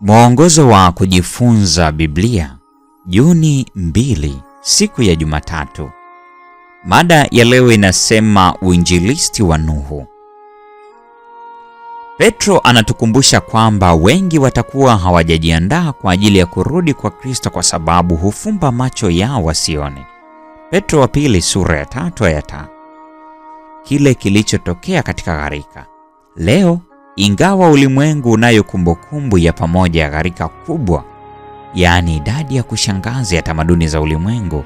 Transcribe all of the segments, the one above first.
Mwongozo wa kujifunza Biblia, Juni 2, siku ya Jumatatu. Mada ya leo inasema uinjilisti wa Nuhu. Petro anatukumbusha kwamba wengi watakuwa hawajajiandaa kwa ajili ya kurudi kwa Kristo kwa sababu hufumba macho yao wasione. Petro wa pili sura ya tatu aya ya tano. Kile kilichotokea katika gharika. Leo ingawa ulimwengu unayo kumbukumbu ya pamoja ya gharika kubwa, yaani idadi ya kushangaza ya tamaduni za ulimwengu,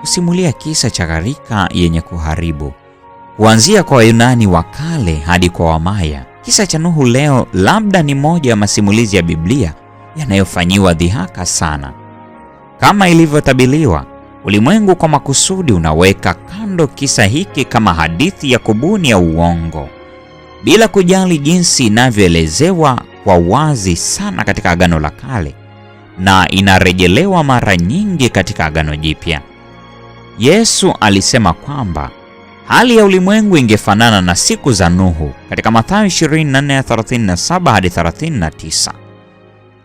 kusimulia kisa cha gharika yenye kuharibu, kuanzia kwa Wayunani wa kale hadi kwa Wamaya. Kisa cha Nuhu leo labda ni moja ya masimulizi ya Biblia yanayofanyiwa dhihaka sana. Kama ilivyotabiliwa, ulimwengu kwa makusudi unaweka kando kisa hiki kama hadithi ya kubuni ya uongo bila kujali jinsi inavyoelezewa kwa wazi sana katika Agano la Kale na inarejelewa mara nyingi katika Agano Jipya. Yesu alisema kwamba hali ya ulimwengu ingefanana na siku za Nuhu katika Mathayo 24:37 hadi 39.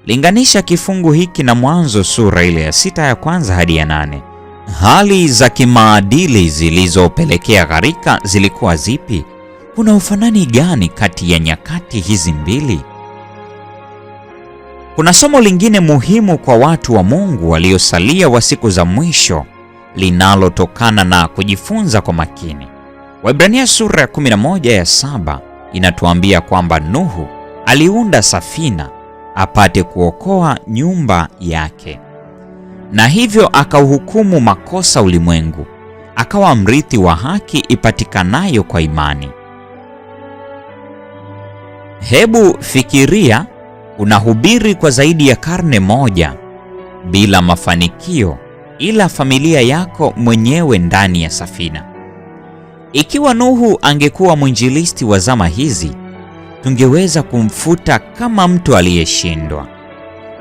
Linganisha kifungu hiki na Mwanzo sura ile ya sita ya kwanza hadi ya nane. Hali za kimaadili zilizopelekea gharika zilikuwa zipi? Kuna ufanani gani kati ya nyakati hizi mbili? Kuna somo lingine muhimu kwa watu wa Mungu waliosalia wa siku za mwisho linalotokana na kujifunza kwa makini. Waibrania sura ya 11 ya saba inatuambia kwamba Nuhu aliunda safina apate kuokoa nyumba yake, na hivyo akauhukumu makosa ulimwengu, akawa mrithi wa haki ipatikanayo kwa imani. Hebu fikiria unahubiri kwa zaidi ya karne moja bila mafanikio, ila familia yako mwenyewe ndani ya safina. Ikiwa Nuhu angekuwa mwinjilisti wa zama hizi, tungeweza kumfuta kama mtu aliyeshindwa.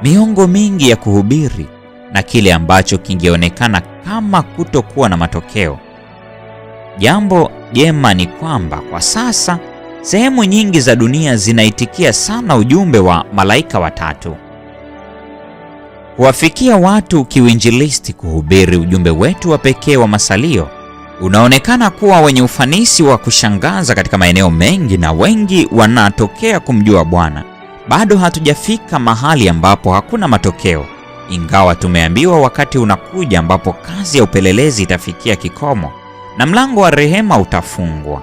Miongo mingi ya kuhubiri na kile ambacho kingeonekana kama kutokuwa na matokeo. Jambo jema ni kwamba kwa sasa Sehemu nyingi za dunia zinaitikia sana ujumbe wa malaika watatu kuwafikia watu. kiwinjilisti kuhubiri ujumbe wetu wa pekee wa masalio unaonekana kuwa wenye ufanisi wa kushangaza katika maeneo mengi, na wengi wanatokea kumjua Bwana. Bado hatujafika mahali ambapo hakuna matokeo, ingawa tumeambiwa wakati unakuja ambapo kazi ya upelelezi itafikia kikomo na mlango wa rehema utafungwa.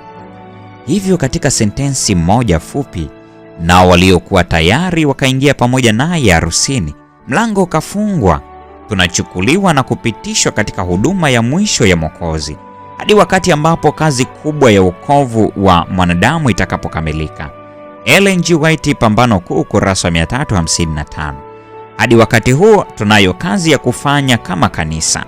Hivyo katika sentensi moja fupi, nao waliokuwa tayari wakaingia pamoja naye harusini, mlango ukafungwa. Tunachukuliwa na kupitishwa katika huduma ya mwisho ya Mwokozi hadi wakati ambapo kazi kubwa ya wokovu wa mwanadamu itakapokamilika. Ellen G. White, Pambano Kuu, kurasa 355. Hadi wakati huo tunayo kazi ya kufanya kama kanisa.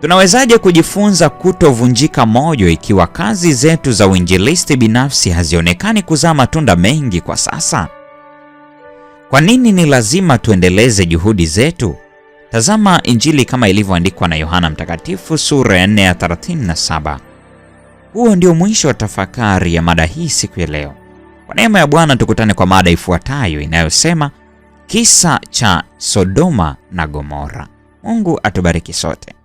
Tunawezaje kujifunza kutovunjika moyo ikiwa kazi zetu za uinjilisti binafsi hazionekani kuzaa matunda mengi kwa sasa? Kwa nini ni lazima tuendeleze juhudi zetu? Tazama Injili kama ilivyoandikwa na Yohana Mtakatifu sura ya 4 ya 37. Huo ndio mwisho wa tafakari ya mada hii siku ya leo. Kwa neema ya Bwana tukutane kwa mada ifuatayo inayosema kisa cha Sodoma na Gomora. Mungu atubariki sote.